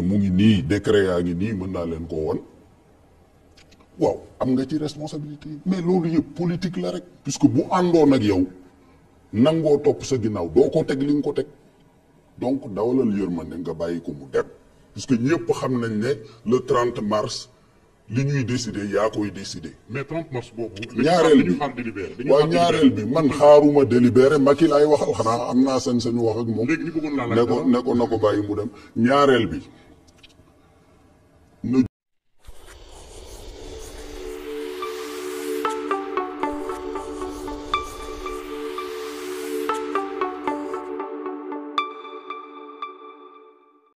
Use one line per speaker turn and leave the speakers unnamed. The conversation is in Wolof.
mu ngi nii décret yaa ngi nii mën naa leen koo won waaw am nga ci responsabilité mais loolu yëpp politique la rek puisque bu àndoon ak yow nangoo topp sa ginnaaw doo ko teg li nga ko teg donc dawalal yërmande nga bàyyi ko mu dem puisque ñëpp xam nañ ne le 30 mars li ñuy décider yaa koy décider. mais 30 mars ñaareel bi waaw ñaareel bi man xaaruma délibéré Macky laay waxal xanaa am naa sañ wax ak moom. léegi ñu bëggoon ne ko ko ko bàyyi mu dem ñaareel bi.